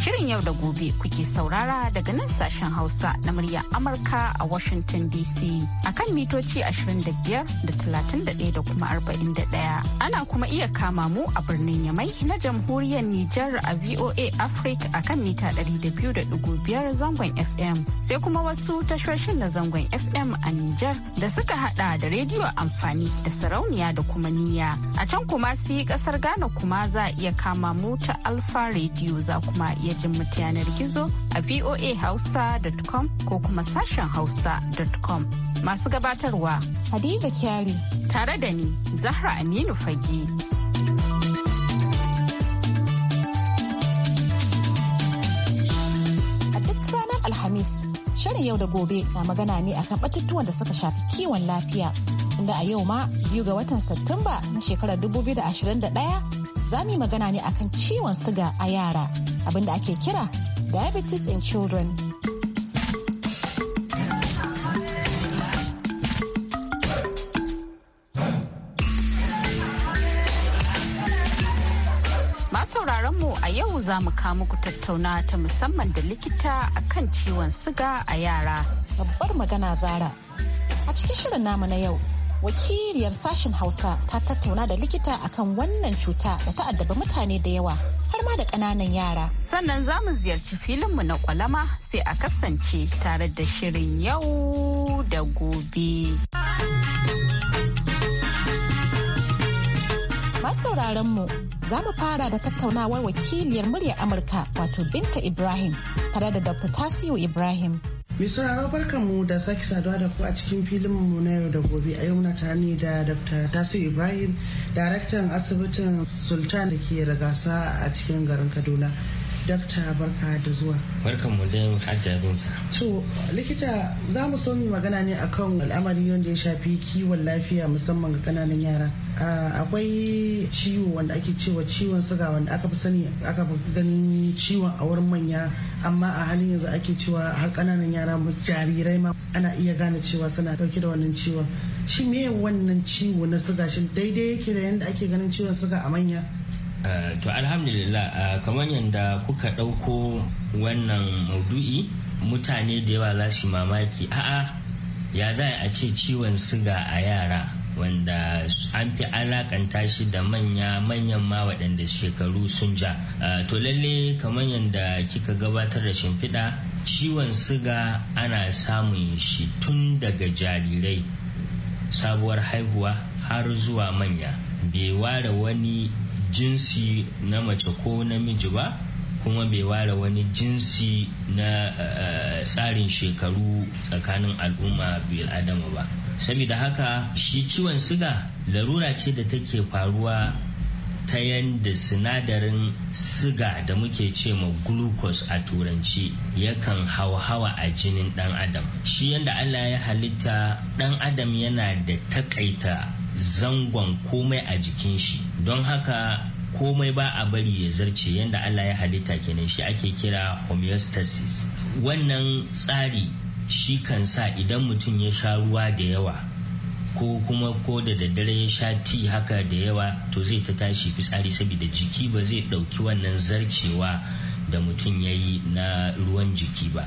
Shirin yau da gobe kuke saurara daga nan sashen Hausa na muryar Amurka a Washington DC a kan mitoci 25 da 31 da kuma 41. Ana kuma iya kama mu a birnin Yamai na jamhuriyar Nijar a VOA Africa a kan mita 200.5 zangon FM sai kuma wasu tashoshin na zangon FM a Nijar da suka hada da rediyo amfani da sarauniya da kuma niya. A can kuma su kasar Ghana kuma za a iya kama mu ta Alfa rediyo za kuma iya iya jin mu yanar gizo a voahausa.com ko kuma sashen hausa.com. Masu gabatarwa Hadiza Kyari tare da ni Zahra Aminu Fage. A duk ranar Alhamis, shirin yau da gobe na magana ne akan batutuwan da suka shafi kiwon lafiya. Inda a yau ma biyu ga watan Satumba na shekarar 2021 za mu yi magana ne akan ciwon suga a yara abinda ake kira diabetes in children. mu a yau za mu kawo muku tattauna ta musamman da likita akan ciwon suga a yara. Babbar magana zara. A cikin shirin namu na yau wakiliyar sashen hausa ta tattauna da likita akan wannan cuta da ta addaba mutane da yawa har ma da ƙananan yara sannan za mu ziyarci mu na kwalama sai a kasance tare da shirin yau da gobe masauraran mu za mu fara da tattaunawar wakiliyar muryar amurka wato binta ibrahim tare da dr tasiu ibrahim Mai sauraro mu da sake saduwa da ku a cikin filin mu na yau da gobe a yau na tani da Dr. Tasiu Ibrahim, daraktan asibitin Sultan da ke ragasa a cikin garin Kaduna. dakta barka da zuwa barkan mu dai a binta to likita za mu so mu magana ne akan al'amari wanda ya shafi kiwon lafiya musamman ga kananan yara akwai ciwo wanda ake cewa ciwon suga wanda aka fi sani aka fi ganin ciwon a wurin manya amma a halin yanzu ake cewa har kananan yara jarirai ma ana iya gane cewa suna dauke da wannan ciwon shi me wannan ciwo na suga shin daidai yake da yadda ake ganin ciwon suga a manya Eh, to alhamdulillah eh, kamar yadda kuka ɗauko wannan maudu'i mutane da yawa za su mamaki a'a ya za a ce ciwon siga a yara wanda an fi alakanta shi da manya manyan ma waɗanda shekaru sun ja eh, to lalle kamar yadda kika gabatar da shimfiɗa ciwon siga ana samun shi tun daga jarirai sabuwar haihuwa har zuwa manya bai ware wani jinsi na mace ko namiji ba kuma bai ware wani jinsi na eh, eh, tsarin shekaru tsakanin al'umma bil adama ba saboda haka shi ciwon siga larura ce da take faruwa ta yadda sinadarin siga da muke ce ma glucose a turanci yakan hawa a jinin dan adam shi yadda allah ya halitta dan adam yana da takaita zangon komai a jikin shi don haka komai ba a bari ya zarce yadda Allah ya halitta kenan shi ake kira homeostasis wannan tsari shi kan sa idan mutum ya sha ruwa da yawa ko kuma ko da daddare ya sha ti haka da yawa to zai ta tashi fitsari saboda jiki ba zai ɗauki wannan zarcewa da mutum ya yi na ruwan jiki ba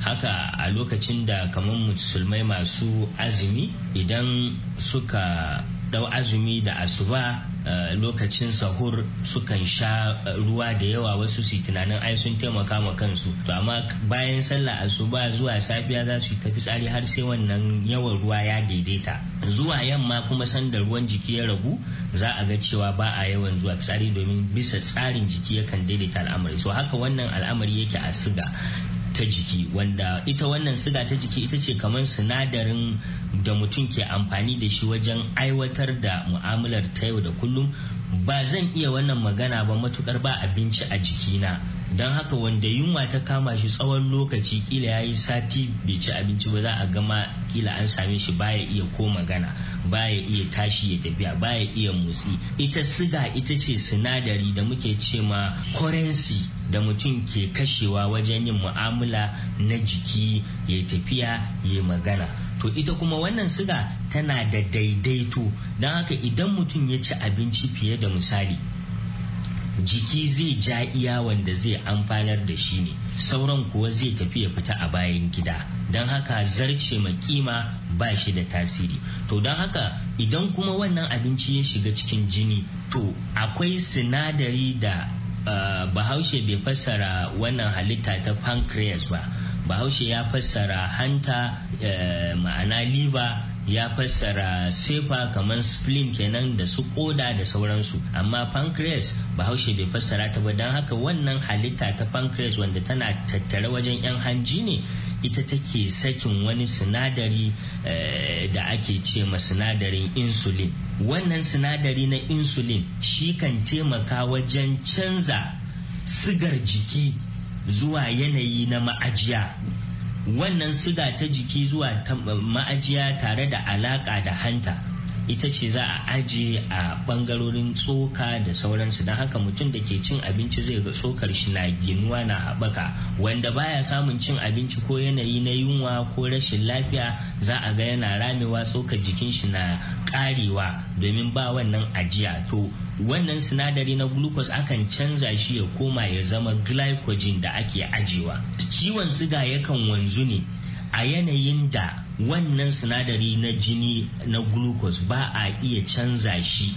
haka a lokacin da kamar musulmai masu azumi idan suka dau azumi da asuba eh, lokacin sahur sukan sha eh, ruwa da yawa wasu su tunanin ai sun taimaka ma kansu to amma bayan sallah asuba zuwa safiya za su yi tafi tsari har sai wannan yawan ruwa ya daidaita zuwa yamma kuma sanda ruwan jiki ya ragu za a ga cewa ba a yawan zuwa fitsari domin bisa tsarin jiki yakan daidaita al'amari so haka wannan al'amari yake a siga ta jiki wanda ita wannan siga ta jiki ita ce kamar sinadarin da mutum ke amfani da shi wajen aiwatar da mu'amalar ta yau da kullum ba zan iya wannan magana ba matukar ba abinci a jikina don haka wanda yunwa ta kama shi tsawon lokaci kila ya yi sati bai ci abinci ba za a gama kila an same shi baya iya ko magana baya iya tashi ya tafiya baya iya motsi ita siga ita ce sinadari da muke ce ma currency da mutum ke kashewa wajen yin mu'amala na jiki ya tafiya ya magana to ita kuma wannan siga tana da daidaito don haka idan mutum ya ci abinci fiye da misali jiki zai ja iya wanda zai amfanar da shi ne sauran kuwa zai tafi ya fita a bayan gida don haka zarce makima ba shi da tasiri to don haka idan kuma wannan abinci ya shiga cikin jini to akwai sinadari da ah, bahaushe bai fassara wannan halitta ta pancreas ba bahaushe ya fassara hanta eh, ma'ana liver ya fassara sefa kamar spleen kenan da su koda da sauransu amma pancreas bahaushe bai fassara ta ba don haka wannan halitta ta pancreas wanda tana tattare wajen 'yan hanji ne ita take sakin wani sinadari eh, da ake ce ma sinadarin insulin wannan sinadari na insulin shi kan taimaka wajen canza sigar jiki zuwa yanayi na ma'ajiya wannan siga ta jiki zuwa ma'ajiya tare da alaƙa da hanta ita ce za a ajiye a bangarorin tsoka da sauransu don haka mutum da ke cin abinci zai ga tsokar shi na ginuwa na haɓaka wanda baya samun cin abinci ko yanayi na yunwa ko rashin lafiya za a ga yana ramewa tsokar jikin shi na karewa domin ba wannan ajiya to wannan sinadari na glucose akan canza shi ya koma ya zama glycogen da ake ajiwa ciwon siga yakan wanzu ne a yanayin da wannan sinadari na jini na glucose ba a iya canza shi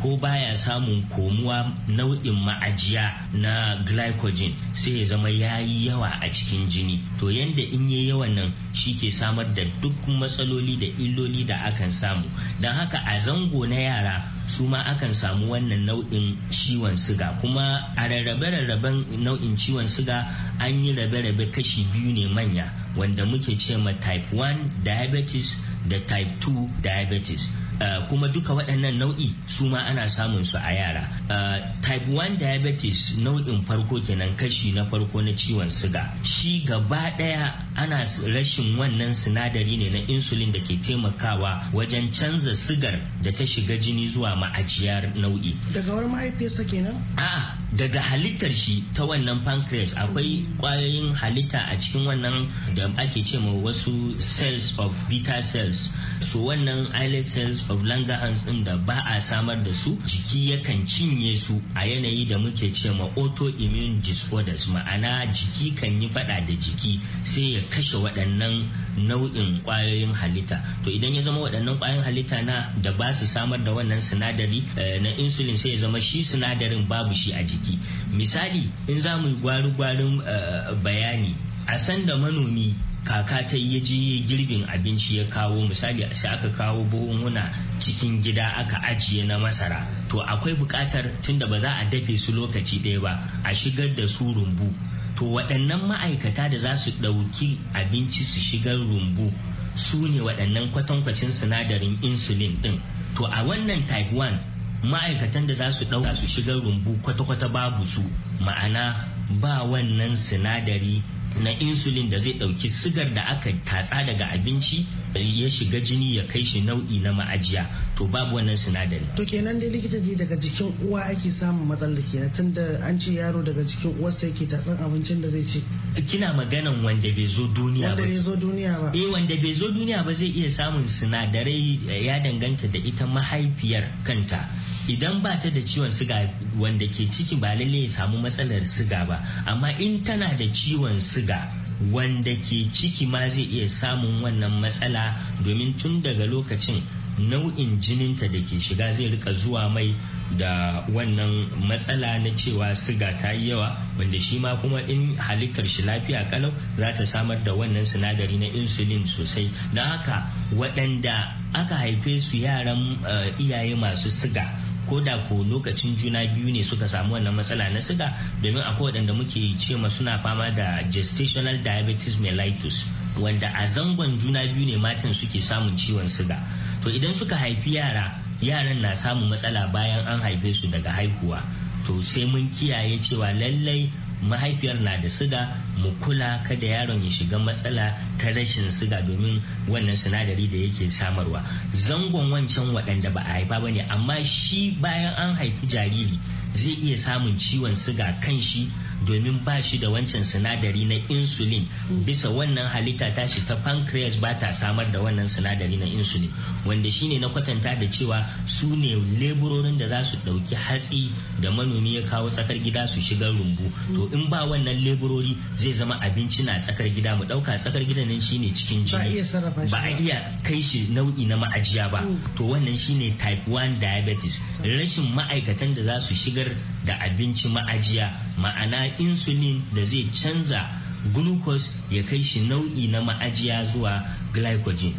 ko baya samun komuwa nau'in ma'ajiya na glycogen sai ya zama ya yi yawa a cikin jini to yanda in yi yawan nan shi ke samar da duk matsaloli da illoli da akan samu don haka a zango na yara su ma akan samu wannan nau'in ciwon siga kuma a rarrabe-rarraben nau'in ciwon siga an yi rabe-rabe kashi biyu ne manya wanda muke ce ma type 1 diabetes da type 2 diabetes Eh, kuma duka waɗannan nau'i su ma ana samun su a yara eh, type 1 diabetes nau'in farko kenan kashi na farko na ciwon siga shi gaba ɗaya ana rashin wannan sinadari ne na insulin da ke taimakawa wajen canza sigar da ta shiga jini zuwa ma'ajiyar nau'i daga wani mahaifiyarsa kenan a'a daga halittar shi ta wannan pancreas akwai kwayoyin halitta a cikin wannan da ake ce ma wasu cells of beta cells su wannan islet cells of langerhans din da ba a samar da su jiki yakan cinye su a yanayi da muke ce ma autoimmune disorders ma'ana jiki kan yi fada da jiki sai ya kashe waɗannan nau'in kwayoyin halitta to idan ya zama waɗannan kwayoyin halitta na da ba su samar da wannan sinadari eh, na insulin sai ya zama shi sinadarin babu shi a jiki misali in za mu yi gwari-gwarin eh, bayani a san da manomi kaka ta yi girbin abinci ya kawo misali sai aka kawo buhunhuna cikin gida aka ajiye na masara to akwai bukatar tunda ba za a dafe su lokaci ɗaya ba a shigar da su rumbu to waɗannan ma'aikata da za su ɗauki abinci su shigar rumbu su ne waɗannan kwatankwacin sinadarin insulin ɗin to a wannan type 1 ma'aikatan da za su ɗauka su shigar rumbu kwata-kwata babu su ma'ana ba wannan sinadari na insulin da zai ɗauki sigar da aka tatsa daga abinci eh, ya shiga jini ya kai shi nau'i na ma'ajiya to babu wannan sinadari. To kenan dai likita ji daga jikin uwa ake samun matsalar kenan da an ce yaro daga jikin uwarsa yake tatsan abincin da zai ci. Kina maganan wanda bai zo duniya ba. Wanda bai zo duniya ba. Eh wanda bai zo duniya ba zai iya samun sinadarai eh, ya danganta da ita mahaifiyar kanta. idan ba ta da ciwon siga wanda ke ciki ba lalle ya samu matsalar siga ba amma in tana da ciwon siga wanda ke ciki ma zai iya samun wannan matsala domin tun daga lokacin nau'in jininta da ke shiga zai rika zuwa mai da wannan matsala na cewa siga ta yi yawa wanda shi ma kuma in halittar shi lafiya kalau za ta samar da wannan sinadari na insulin sosai don haka waɗanda aka haife su yaran eh, iyaye masu siga ko da ko lokacin juna biyu ne suka samu wannan matsala na siga domin akwai waɗanda muke ce ma suna fama da gestational diabetes mellitus wanda a zangon juna biyu ne matan suke samun ciwon siga to idan suka haifi yara yaran na samun matsala bayan an haife su daga haihuwa to sai mun kiyaye cewa lallai mahaifiyar na da siga mu kula kada yaron ya shiga matsala ta rashin siga domin wannan sinadari da yake samarwa zangon wancan waɗanda ba a haifa ba ne amma shi bayan an haifi jariri zai iya samun ciwon siga kan shi domin ba shi da wancan sinadari na insulin bisa wannan halitta tashi ta pancreas ba ta samar da wannan sinadari na insulin wanda shine na kwatanta da cewa su ne leburorin da za su ɗauki hatsi da manomi ya kawo tsakar gida su shiga rumbu to in ba wannan leburori zai zama abinci na tsakar gida mu ɗauka tsakar gida nan shine cikin jini ba a iya kai shi nau'i na ma'ajiya ba mm. to wannan shine type 1 diabetes rashin ma'aikatan da za su shigar da abinci ma'ajiya ma'ana insulin da zai canza glucose ya kai shi nau'i na ma'ajiya zuwa glycogen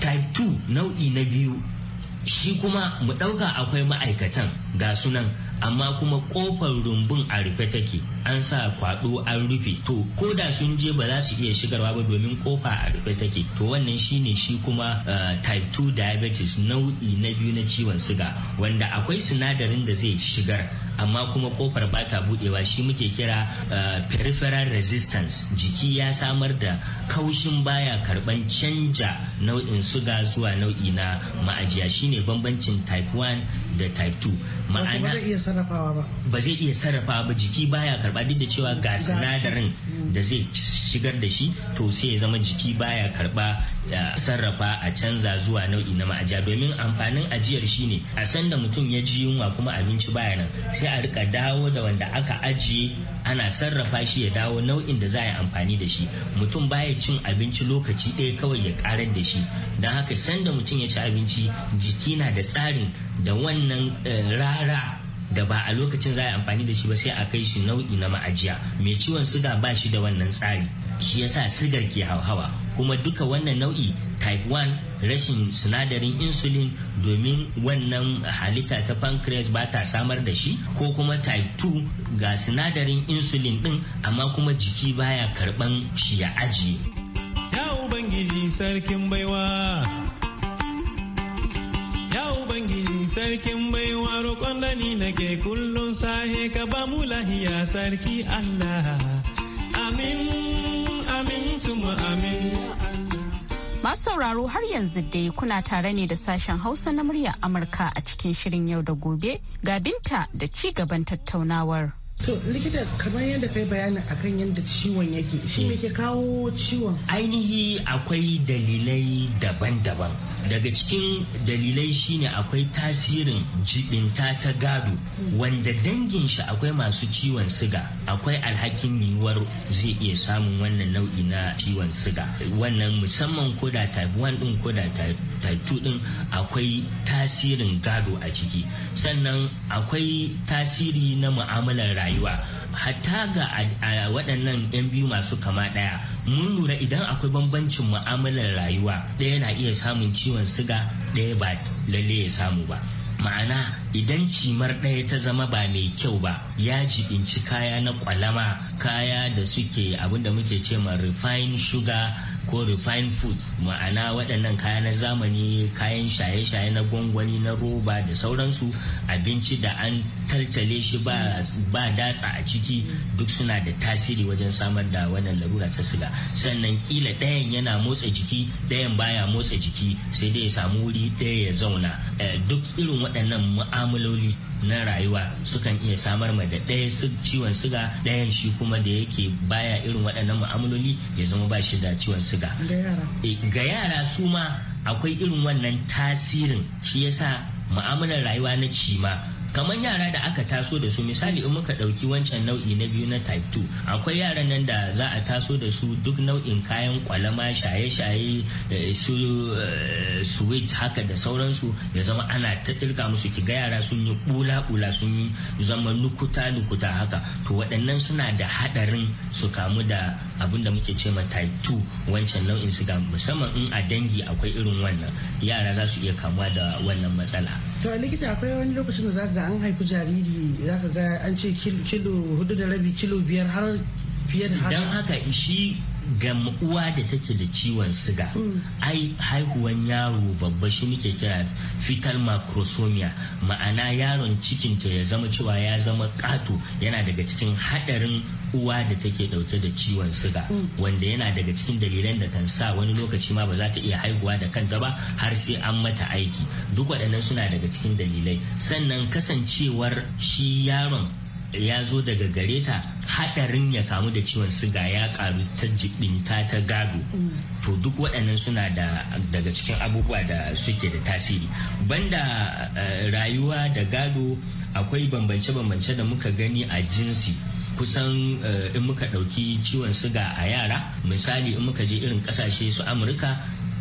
type 2 nau'i na biyu shi kuma mu ɗauka akwai ma'aikatan ga sunan amma kuma kofar rumbun a rufe take an sa kwado an rufe to ko da sun je ba za su iya shigarwa ba domin kofa a rufe take to wannan shine shi kuma eh, type 2 diabetes nau'i na biyu na ciwon siga wanda akwai sinadarin da zai shigar amma kuma kofar ba ta budewa shi muke kira eh, peripheral resistance jiki ya samar da kaushin baya karban canja nau'in suga zuwa nau'i na ma'ajiya shine bambancin type 1 da type 2 ma'ana ba zai iya sarrafawa ba ba jiki baya karba duk da cewa ga sinadarin hmm. da zai shigar da shi to sai ya zama jiki baya karba da sarrafa a canza zuwa nau'i na ma'ajiya domin amfanin ajiyar shi ne a sanda mutum ya ji yunwa kuma abinci baya nan sai a rika dawo da wanda aka ajiye ana sarrafa shi ya dawo nau'in da za a yi amfani da shi mutum baya cin abinci lokaci ɗaya kawai ya karar da shi don haka sanda mutum ya ci abinci jiki na da tsarin da wannan eh, rara da ba a lokacin za a yi amfani da shi ba sai a kai shi nau'i na ma'ajiya mai ciwon suga ba shi da wannan tsari shi yasa sigar ke hauhawa kuma duka wannan nau'i type 1 rashin sinadarin insulin domin wannan halitta ta pancreas ba ta samar da shi ko kuma type 2 ga sinadarin insulin din amma kuma jiki baya karban shi ya ajiye ya ubangiji sarkin baiwa Ubangiji sarkin baiwa roƙon dani na nake kullum sahe ka ba mu lahiya sarki Allah. Amin, amin, tuma amin. Masu sauraro har yanzu dai kuna tare ne da sashen Hausa na murya Amurka a cikin shirin yau da gobe ga binta da ci gaban tattaunawar. To likita kamar yadda kai bayanin akan yadda ciwon yake shi ne ke kawo ciwon? Ainihi akwai dalilai daban-daban. Daga cikin dalilai shine akwai tasirin jibinta ta gado wanda dangin shi akwai masu ciwon siga akwai alhakin yiwuwar zai iya samun wannan nau'i na ciwon siga. Wannan musamman koda type 1 din koda type 2 din akwai tasirin gado a ciki. Sannan akwai tasiri na mu'amalar rayuwa hatta ga waɗannan yan biyu masu kama ɗaya mun lura idan akwai bambancin mu'amalar rayuwa ɗaya na iya samun ciwon siga ɗaya ba lalle ya samu ba ma'ana idan cimar ɗaya ta zama ba mai kyau ba ya jibinci kaya na kwalama kaya da suke abinda muke ce ma refined sugar ko refined food ma'ana waɗannan kaya na zamani kayan shaye-shaye na gwangwani na roba da sauransu abinci da an taltale shi ba datsa a ciki duk suna da tasiri wajen samar da wannan larura ta siga sannan kila ɗayan yana motsa jiki ɗayan baya motsa jiki sai dai ya samu wuri ɗaya ya zauna eh, duk irin waɗannan mu'amaloli na rayuwa sukan iya samar ma da ɗaya ciwon suga ɗayan shi kuma da yake baya irin waɗannan mu'amaloli ya zama ba shi da ciwon suga eh, ga yara su ma akwai irin wannan tasirin shi yasa mu'amalar rayuwa na cima kamar yara da aka taso da su misali in muka ɗauki wancan nau'i na biyu na type 2 akwai yaran nan da za a taso da su duk nau'in kayan kwalama shaye-shaye da su eh, sweet haka da sauransu ya zama ana ta ɗirka musu ki ga yara sun yi bula-bula sun zama lukuta-lukuta haka to waɗannan suna da haɗarin su kamu da abin da muke ce ma type 2 wancan nau'in su musamman in a dangi akwai irin wannan yara za su iya kamuwa da wannan matsala to likita akwai wani lokacin da za ga an haifi jariri za ka ga an ce kilo hudu da rabi kilo biyar har fiye da haka don haka shi ga uwa da take da ciwon siga hmm. ai haihuwan yaro babba shi nake kira fetal macrosomia ma'ana yaron cikinta ya zama cewa ya zama kato yana daga cikin haɗarin. uwa da take dauke da ciwon suga. Mm. wanda yana daga cikin dalilan da kan sa wani lokaci ma ba za ta iya haihuwa da kanta ba har sai an mata aiki duk waɗannan suna daga cikin dalilai sannan kasancewar shi yaron ya zo daga gare ta haɗarin ya kamu da ciwon suga ya karu ta jibinta ta gado mm. to duk waɗannan suna da daga cikin abubuwa da suke da tasiri banda eh, rayuwa da gado akwai bambance-bambance da muka gani a jinsi kusan eh, in muka ɗauki ciwon suga a yara misali in muka je irin ƙasashe su amurka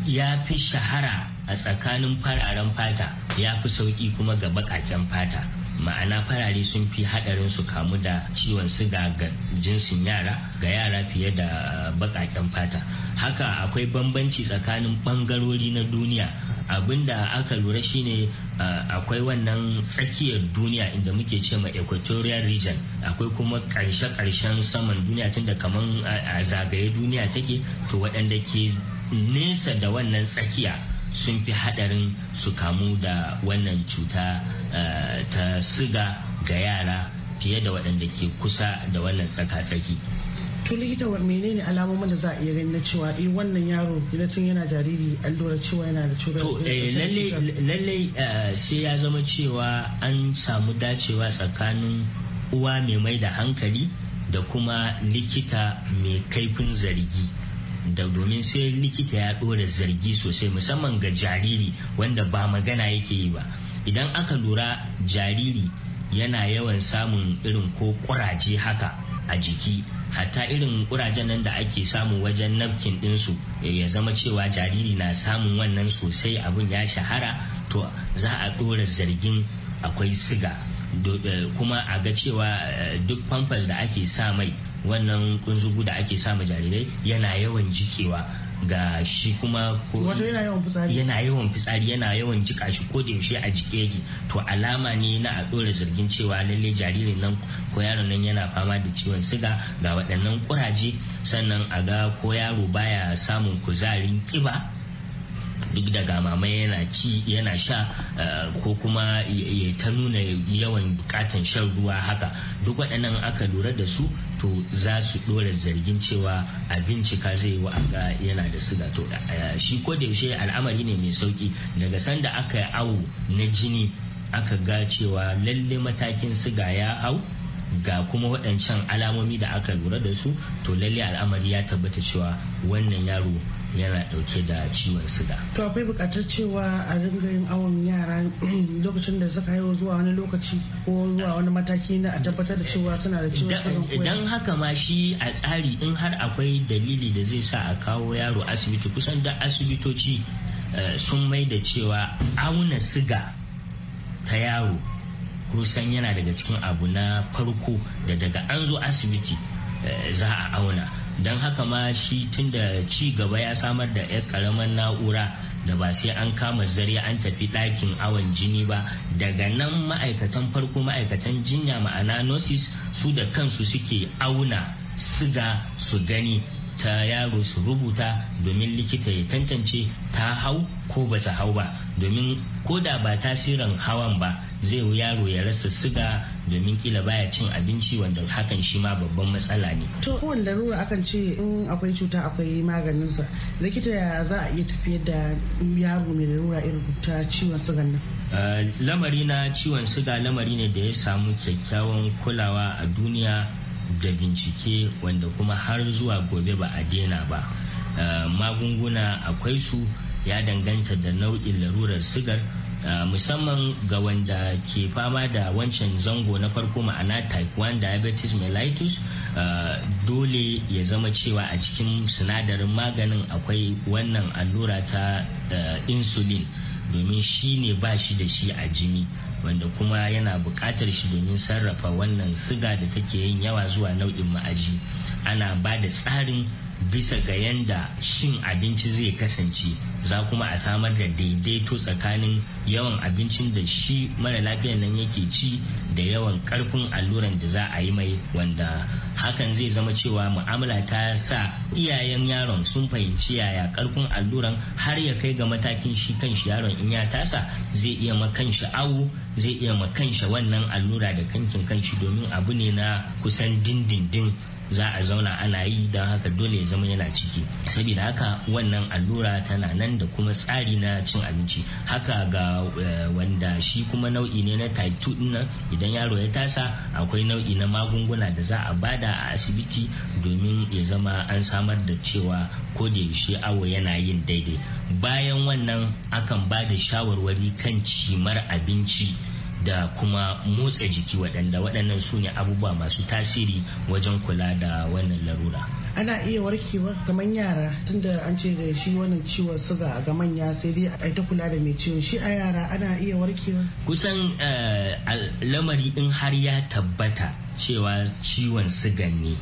ya fi shahara a tsakanin fararen fata ya fi sauƙi kuma ga baƙaƙen fata ma'ana farare sun fi haɗarin su kamu da ciwon suga ga jinsin yara ga yara fiye da eh, baƙaƙen fata haka akwai bambanci tsakanin ɓangarori na duniya abin da aka lura shine uh, akwai wannan tsakiyar duniya inda muke ce ma equatorial region akwai kuma karshe-karshen saman duniya tunda kamar a zagaye duniya take to waɗanda ke nesa da wannan tsakiya sun fi haɗarin su kamu da wannan cuta uh, ta siga ga yara fiye da waɗanda ke kusa da wannan tsaka-tsaki to likita wa menene alamomin da za a iya gani na cewa eh wannan yaro na tun yana jariri allura cewa yana da cutar to eh, lallai eh, sai ya zama cewa an samu dacewa tsakanin uwa mai mai da hankali da kuma likita mai kaifin zargi da domin sai likita ya ɗora zargi sosai musamman ga jariri wanda ba magana yake yi ba idan aka lura jariri yana yawan samun irin ko kuraje haka a jiki hatta irin kurajen nan da ake samu wajen napkin dinsu eh, ya zama cewa jariri na samun wannan sosai abun ya shahara to za a ɗora zargin akwai siga eh, kuma a ga cewa eh, duk pampas da ake sa mai wannan kunzugu da ake sa jarirai yana yawan jikewa ga shi kuma ko yana yawan fitsari yana yawan jika shi ko da yaushe a jike yake to alama ne na a dora zargin cewa lalle jaririn nan ko yaron nan yana fama da ciwon siga ga waɗannan kuraje sannan a ga ko yaro baya samun kuzarin kiba duk da mama yana ci yana sha eh, ko kuma ya ta nuna yawan bukatan shan ruwa haka duk waɗannan aka lura da su to za su dora zargin cewa a bincika zai wa ga yana da siga to shi ko da yaushe al'amari ne mai sauki daga sanda aka yi awo na jini aka ga cewa lalle matakin siga ya hau ga kuma waɗancan alamomi da aka lura da su to lalle al'amari ya tabbata cewa wannan yaro yana dauke da ciwon suga to akwai bukatar cewa a ringa yin awon yara lokacin da suka haihu zuwa wani lokaci ko zuwa wani mataki na a tabbatar da cewa suna da ciwon suga idan haka ma shi a tsari in har akwai dalili da zai sa a kawo yaro asibiti kusan da asibitoci eh, sun mai da cewa auna siga ta yaro kusan yana daga cikin abu na farko da daga an zo asibiti eh, za a auna don haka ma shi tun da ci gaba ya samar da 'yar karamar na'ura da ba sai an kama zare an tafi ɗakin awon jini ba daga nan ma'aikatan farko ma'aikatan jinya ma'ana nosis su da kansu suke auna siga su gani ta yaro su rubuta domin likita ya tantance ta hau ko bata hau ba domin ko da ba tasirin hawan ba zai yaro ya rasa siga domin kila baya cin abinci wanda hakan shi ma babban matsala ne. To kowane larura akan ce in akwai cuta akwai maganinsa likita ya za a iya tafiyar da yaro mai larura irin ta ciwon sugan nan. lamari na ciwon suga lamari ne da ya samu kyakkyawan kulawa a duniya da bincike wanda kuma har zuwa gobe ba a daina ba magunguna akwai su ya danganta da nau'in larurar sigar musamman ga wanda ke fama da wancan zango na farko ma'ana type 1 diabetes mellitus dole ya zama cewa a cikin sinadarin maganin akwai wannan allura ta insulin domin shi ne ba shi da shi a jini wanda kuma yana buƙatar shi domin sarrafa wannan siga da take yin yawa zuwa nau'in ma'aji ana ba da tsarin bisa ga yanda shin abinci zai kasance za kuma a samar da daidaito tsakanin yawan abincin da shi mara lafiyan nan yake ci da yawan karfin alluran da za a yi mai wanda hakan zai zama cewa mu'amala ta sa iyayen yaron sun fahimci yaya karfin alluran har ya kai ga matakin shi kan shi yaron in ya tasa zai iya kan shi awo zai iya makan shi wannan allura da kankin kanshi domin abu ne na kusan dindindin za a zauna ana yi don haka dole ya zama yana ciki saboda haka wannan allura tana nan da kuma tsari na cin abinci haka ga eh, wanda shi kuma nau'i ne na type 2 dinnan idan yaro ya tasa akwai nau'i na magunguna da za a bada a asibiti domin ya zama an samar da cewa ko da yaushe awo yana yin daidai bayan wannan akan ba da shawarwari kan cimar abinci da kuma motsa jiki waɗanda waɗannan su ne abubuwa masu tasiri wajen kula da wannan larura ana iya warkewa ga yara tunda an ce da shi wannan ciwon suga ga manya sai dai a ta kula da mai ciwon shi a yara ana iya warkewa kusan eh, lamari in har ya tabbata cewa ciwon sugan ne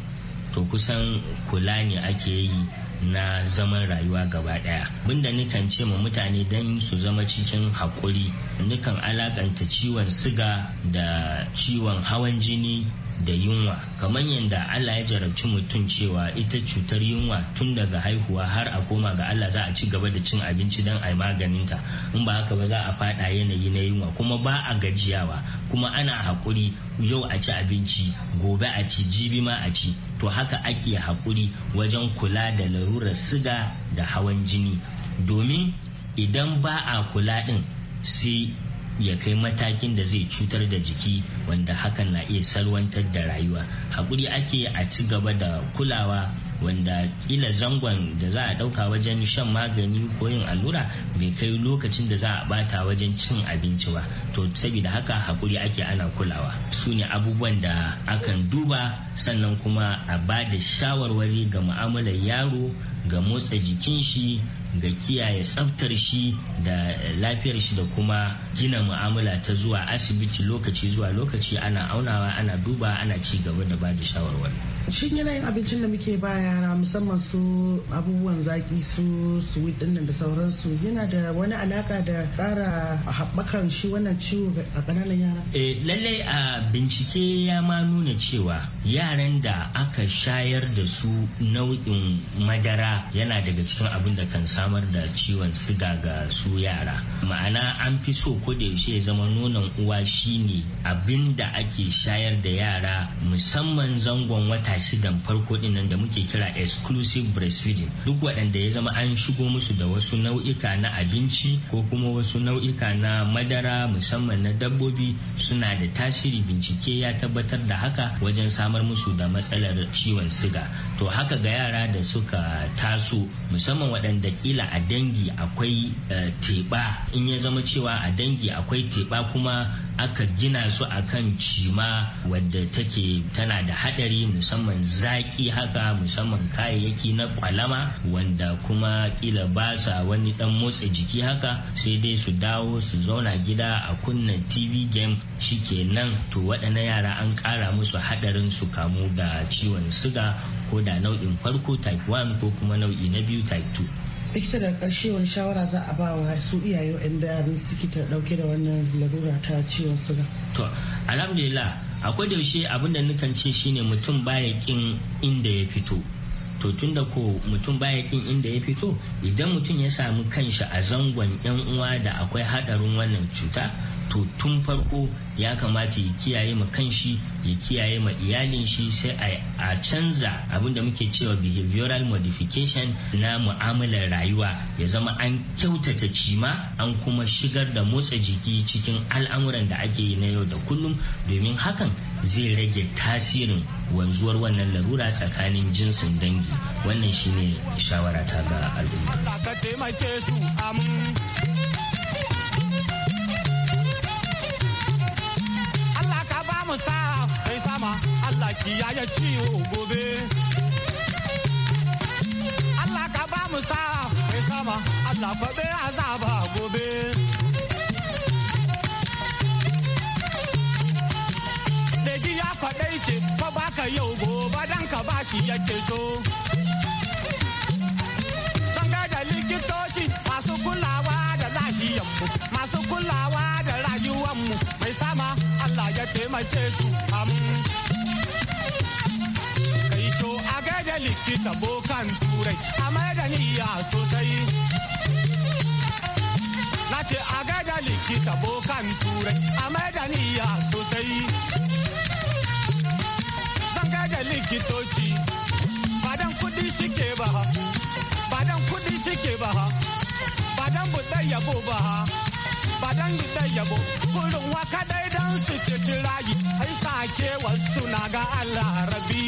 to kusan kula ne ake yi na zaman rayuwa gaba daya bunda nikan ce ma mutane don su zama cikin haƙuri nikan alaƙanta ciwon siga da ciwon hawan jini da yunwa kamar yadda Allah ya jarabci mutum cewa ita cutar yunwa tun daga haihuwa har a koma ga Allah za a ci gaba da cin abinci don a yi maganinta in ba haka ba za a fada yanayi na yunwa kuma ba a gajiyawa kuma ana haƙuri yau a ci abinci gobe a ci jibi ma a ci to haka ake haƙuri wajen kula da larurar siga da hawan jini domin idan ba a kula din sai ya kai matakin da zai cutar da jiki wanda hakan na iya salwantar da rayuwa hakuri ake a ci gaba da kulawa wanda kila zangon da za a ɗauka wajen shan magani ko yin allura bai kai lokacin da za a bata wajen cin abinci ba to saboda haka hakuri ake ana kulawa su ne abubuwan da akan duba sannan kuma a ba da shawarwari ga mu'amalar yaro ga motsa jikin shi ga kiyaye tsaftar shi da lafiyar shi da kuma gina mu'amala ta zuwa asibiti lokaci zuwa lokaci ana aunawa ana duba ana ci gaba da bada shawarwari shin yanayin abincin da muke ba yara musamman su abubuwan zaki su sweet din da sauransu yana da wani alaka da ƙara haɓakan shi wannan ciwo a ƙananan yara eh lallai a bincike ya ma nuna cewa yaran da aka shayar da su nau'in madara yana daga cikin abin da kan sa samar da ciwon siga ga su yara ma'ana an fi so ko da yaushe ya zama nonon uwa shine abin da ake shayar da yara musamman zangon wata shidan farko dinnan da muke kira exclusive breastfeeding duk waɗanda ya zama an shigo musu da wasu nau'ika na abinci ko kuma wasu nau'ika na madara musamman na dabbobi suna da tasiri bincike ya tabbatar da haka wajen samar musu da matsalar ciwon siga to haka ga yara da suka taso musamman waɗanda kila a dangi akwai eh, teɓa in ya zama cewa a dangi akwai teɓa kuma aka gina su akan cima wadda take tana da hadari musamman zaki haka musamman kayayyaki na kwalama wanda kuma kila ba sa wani dan motsa jiki haka sai dai su dawo su zauna gida a kunna tv game shikenan to waɗanne yara an ƙara musu hadarin su kamu da ciwon siga ko da nau'in farko type 1 ko kuma nau'i na biyu type 2 likita da ƙarshe wani shawara za a ba wa su iyaye waɗanda yaran suke ta ɗauke da wannan larura ta ciwon suga to alhamdulillah akwai da yaushe abin da nukan ce shine mutum baya kin inda ya fito to tunda ko mutum baya kin inda ya fito idan mutum ya samu kanshi a zangon yan uwa da akwai hadarin wannan cuta to tun farko ya kamata ya kiyaye ma kanshi ya kiyaye ma iyalin shi sai a canza abinda muke cewa behavioral modification na mu'amalar rayuwa ya zama an kyautata cima an kuma shigar da motsa jiki cikin al'amuran da ake yi na yau da kullum domin hakan zai rage tasirin wanzuwar wannan larura tsakanin jinsin dangi wannan shine shawara ta ga al'umma mu sa mai sama Allah kiya ya ciwo gobe Allah ka ba mu mai sama Allah faɗe azaba gobe Daji ya faɗe ce fa baka yau gobe dan ka ba shi yake so Sanga da likitoci masu kulawa da lahiyanmu masu kulawa ya taimake su Kai to a gaida likita bokan turai a da niyya sosai. Na ce a gaida likita bokan turai a da niyya sosai. Zan gaida likitoci badan kudi suke ba ha, badan kudi suke ba ha, badan buɗe yabo ba ha. ba dangi da yabo kurin waka dai dan su ci rayi ai sake wasu na ga Allah rabi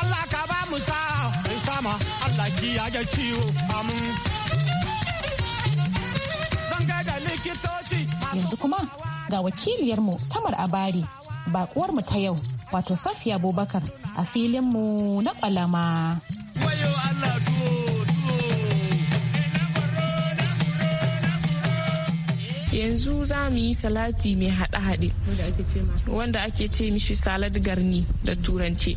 Allah ka ba mu sa mai sama Allah ki ya ciwo amin ga wakiliyarmu Tamar Abari bakuwarmu ta yau wato Safiya Abubakar a filinmu na kwalama. yanzu za mu yi salati mai haɗe-haɗe wanda ake ce mishi salad garni da turance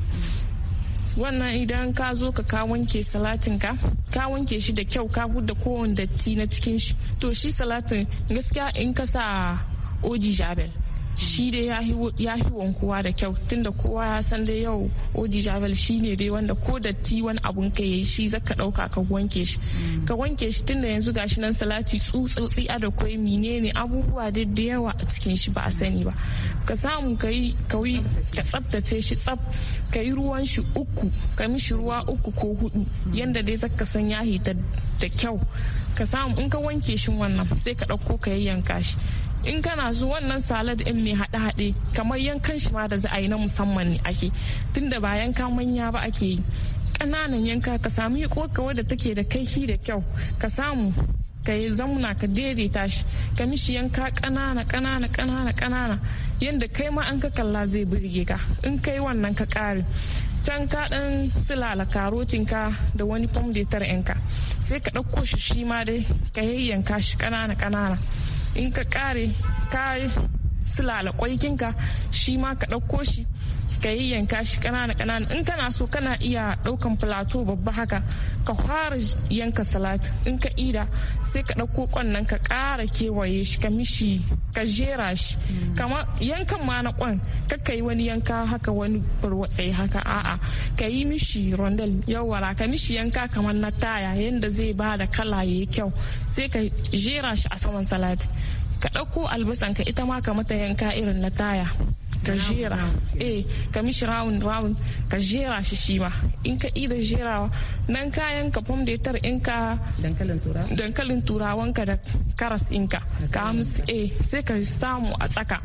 wannan idan ka zo ka ka wanke salatin ka wanke shi da kyau ka da kowane datti na cikin shi to shi salatin gaskiya in ka sa oji jabel shi dai ya fi wankuwa da kyau tunda kowa ya san dai yau oji javel shi ne dai wanda ko datti wani abun ka yi shi za ka ɗauka ka wanke shi mm. ka wanke shi tunda yanzu gashi nan salati tsutsotsi a da kwai menene abubuwa da yawa a cikin shi ba a sani ba ka samu ka yi ka ka tsaftace shi tsaf ka yi ruwan shi uku ka mishi ruwa uku ko hudu mm. yanda dai za ka san ya hita da kyau ka samu in ka wanke shi wannan sai ka ɗauko ka yayyanka shi in kana su wannan salad din mai haɗe hade kamar yankan shi ma da za a yi na musamman ne ake tunda ba yanka manya ba ake yi kananan yanka ka samu yi kokawa da take da kaihi da kyau ka samu ka yi zamuna ka daidaita shi ka mishi yanka ƙanana ƙanana ƙanana kanana yadda kai ma an ka kalla zai burge ka in kai wannan ka kare can ka dan silala ka da wani pomdetar yanka sai ka ɗauko shi shi ma dai ka yayyanka shi kanana kanana in ka kare ka sulala kwaikinka shi ma ka ɗauko shi ka yi yanka shi kanana kanana in kana so kana iya daukan plato babba haka ka fara yanka salat in ka ida sai ka dauko kwannan ka kara kewaye shi ka mishi ka jera shi mm. kama yankan ma na kwan ka yi wani yanka haka wani burwatsai haka a'a ka yi mishi rondel yawara ka mishi yanka kamar na taya yadda zai ba da kala yayi kyau sai ka jera shi a saman salat ka ɗauko albasan ka ita ma ka mata yanka irin na taya ka jera eh ka mishi round round ka jera shi shi ma in ka ida jerawa nan kayan ka pom de tar in ka dankalin turawa dankalin turawan ka da karas in ka ka amsa eh sai ka samu a tsaka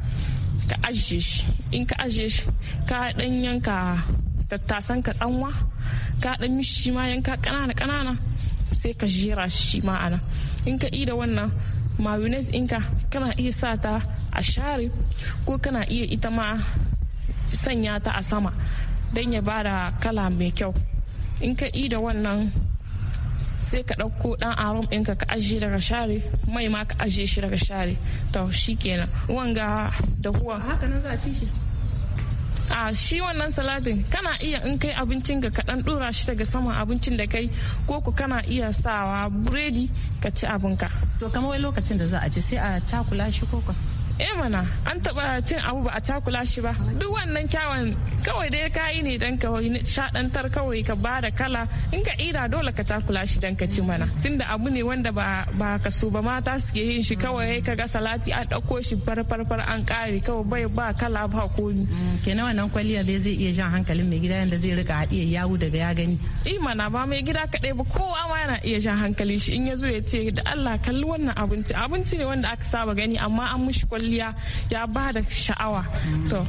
ka ajiye shi in ka ajiye shi ka dan yanka tattasan ka tsanwa ka dan mishi ma yanka kanana kanana sai ka jera shi ma ana in ka ida wannan mayonnaise ka kana iya sa ta a share ko kana iya ita ma sanya ta a sama don ya bada kala mai kyau in ka yi da wannan sai ka ɗauko ɗan aron ɗinka ka ajiye daga share mai ma ka ajiye shi daga share to shi kenan wanga da huwa haka nan za a ci shi a shi wannan salatin kana iya in kai abincin ga kaɗan ɗora shi daga saman abincin da kai ko ku kana iya sawa buredi ka ci abinka to kamar wai lokacin da za a ci sai a cakula shi koko eh mana an taba cin abu ba a takula shi ba duk wannan kyawun kawai dai ka yi ne dan ka shadantar kawai ka ba da kala in ka ira dole ka takula shi dan ka ci mana tunda abu ne wanda ba ba ka so ba mata suke yin shi kawai ka ga salati an ɗauko shi far far far an kare kawai bai ba kala ba komi kenan wannan kwalliya dai zai iya jan hankalin mai gida yanda zai rika haɗiya yawu daga ya gani eh mana ba mai gida kaɗai ba kowa ma yana iya jan hankali shi in ya zo ya ce da Allah kalli wannan abinci abinci ne wanda aka saba gani amma an mushi kwalli. kwalliya ya ba da sha'awa to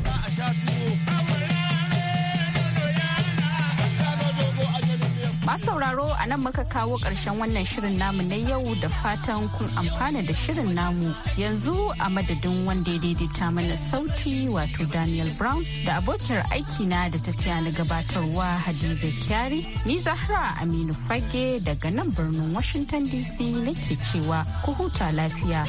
sauraro a nan muka kawo ƙarshen wannan shirin namu na yau da fatan kun amfana da shirin namu yanzu a madadin wanda ya daidaita mana sauti wato Daniel Brown da abokiyar aikina da ta taya na gabatarwa Hadiza Kyari ni Zahra Aminu Fage daga nan birnin Washington DC nake cewa ku huta lafiya.